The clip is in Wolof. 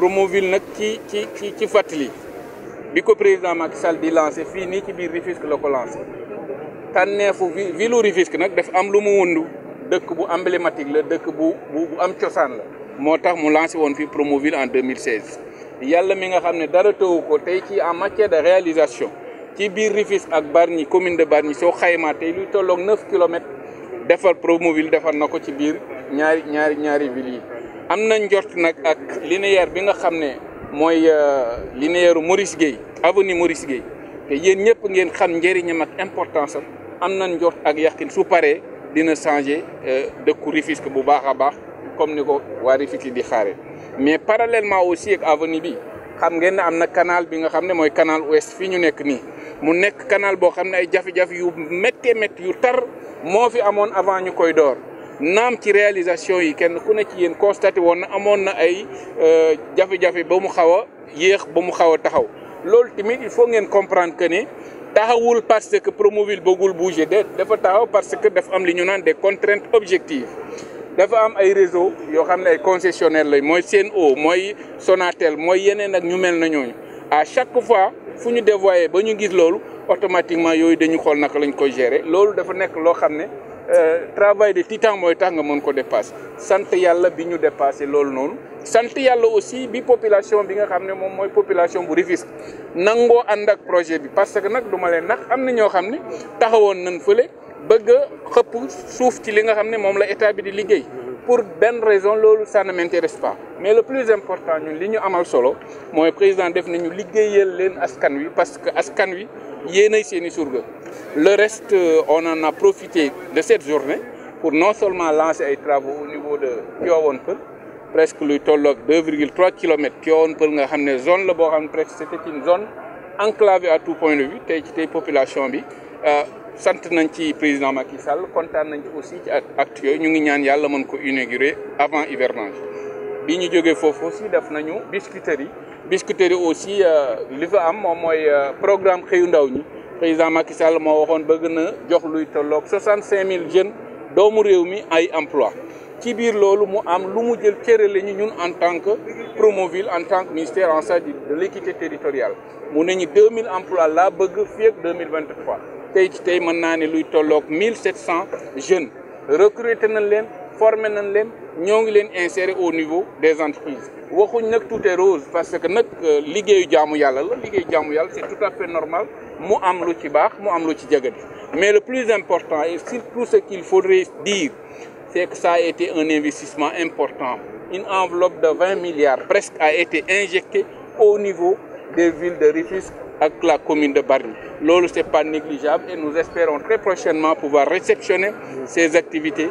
Promoville nag ci ci ci ci fàttali bi ko président Macky Sall di lancer fi ni ci biir Rufisque la ko lancé tànneefu ville Rufisque nak def am lu mu wundu deuk bu emblématique la deuk bu bu am cosaan la motax tax mu lancé fi promo ville en 2016 yalla mi nga xam dara tëwu ko tey ci en matière de réalisation ci biir Rufisque ak Bargny commune de Bargny so xaymaa tay luy tolok 9 km defal promo ville defal nako ci biir ñaari ñaari ñaari ville am na njort nag ak linéaire bi nga xam ne mooy euh, linéaire Maurice Guèye avenue Maurice Guèye te yéen ñëpp ngeen xam njëriñam ak importance am am na njort ak yàqin su paree dina changer euh, dëkku Rufisque bu baax a baax comme ni ko waa Rufisque di xaare mais parallèlement aussi ak avenue bi xam ngeen ne am na kanal bi nga xam ne mooy canal ouest fii ñu nekk nii mu nekk kanal boo xam ne ay jafe-jafe yu méttee métti yu tar moo fi amoon avant ñu koy door nam ci réalisation yi kenn ku ne ci yéen constaté woon na amoon na ay euh, jafe-jafe ba mu xaw a yéex ba mu xaw a taxaw loolu tamit il faut ngeen comprendre que ne taxawul parce que Promoville bëggul bouger déet dafa taxaw parce que dafa am li ñu naan des contraintes objectives dafa am ay réseau yoo xam ne ay concessionnaire lay mooy Sen'Eau mooy Sonatel mooy yeneen ak ñu mel na ñooñu à chaque fois fu ñu dévoyé ba ñu gis loolu automatiquement yooyu dañu xool naka lañ koy gérer loolu dafa nekk loo xam ne Eh, travail de titan moy tang mon ko dépasse sante yalla bi ñu dépasser lool non sante yalla aussi bi population bi nga xamne mom moy population bu rivis nango andak projet bi parce que nak duma len nak amna ño xamne taxawon nañ fele bëgg xëpp suuf ci li nga xamne mom la état bi di liggéey pour de raison ça ne m'intéresse pas mais le plus important une ligne ñu amal solo mooy président def nañu liggéeyal leen askan wi parce que askan wi le reste euh, on en a profité de cette journée pour non seulement lancer les travaux au niveau de Tivaouane presque luy 2,3 km Tivaouane zone c'était une zone enclavée à tout point de vue qui ci population euh, sant nañ ci président Macky Sall kontaan nañ ci aussi ci acte yooyu ñu ngi ñaan yàlla mën ko inaugurer avant hivernage bi ñu jógee foofu aussi def nañu biscuiterie yi biscuiterie yi aussi euh, li fa am moom mooy euh, programme xëyu ndaw ñi président Macky Sall moo waxoon bëgg na jox luy tolloog 65000 jeunes doomu réew mi ay emploi ci biir loolu mu am lu mu jël cërale ñu ñun en tant que Promoville en tant que ministère en charge de l'équité territoriale mu ne ñu 2000 emplois laa bëgg fii ak 2023 tey ci tey mën ne jeunes recruter nañ leen former nañ leen ñoo au niveau des entreprises waxuñ nag tout est rose parce que nag euh, liggéeyu jaamu yàlla la liggéeyu jaamu yàlla c'est tout à fait normal mu am lu ci baax mu am lu ci jagadi mais le plus important et surtout ce qu'il faudrait dire c'est que ça a été un investissement important une enveloppe de 20 milliards presque a été injectée au niveau des villes de Rifus avec la commune de Barny. L'eau, ce n'est pas négligeable et nous espérons très prochainement pouvoir réceptionner ces activités